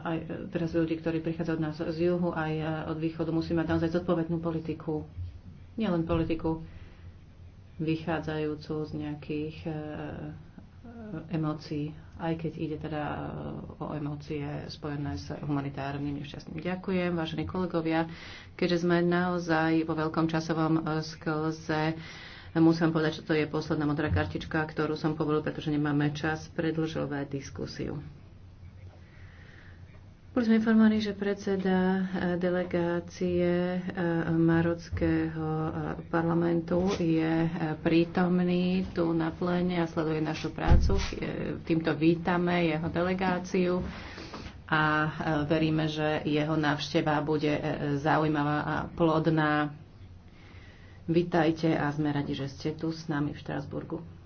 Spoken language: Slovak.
aj teraz ľudí, ktorí prichádzajú od nás z juhu, aj e, od východu, musí mať naozaj zodpovednú politiku. Nielen politiku vychádzajúcu z nejakých e, e, emócií, aj keď ide teda o emócie spojené s humanitárnym nešťastným. Ďakujem, vážení kolegovia. Keďže sme naozaj vo veľkom časovom sklze, musím povedať, že to je posledná modrá kartička, ktorú som povolil, pretože nemáme čas predlžovať diskusiu. Boli sme informovaní, že predseda e, delegácie e, Marockého e, parlamentu je prítomný tu na plene a sleduje našu prácu. Týmto vítame jeho delegáciu a veríme, že jeho návšteva bude zaujímavá a plodná. Vítajte a sme radi, že ste tu s nami v Štrasburgu.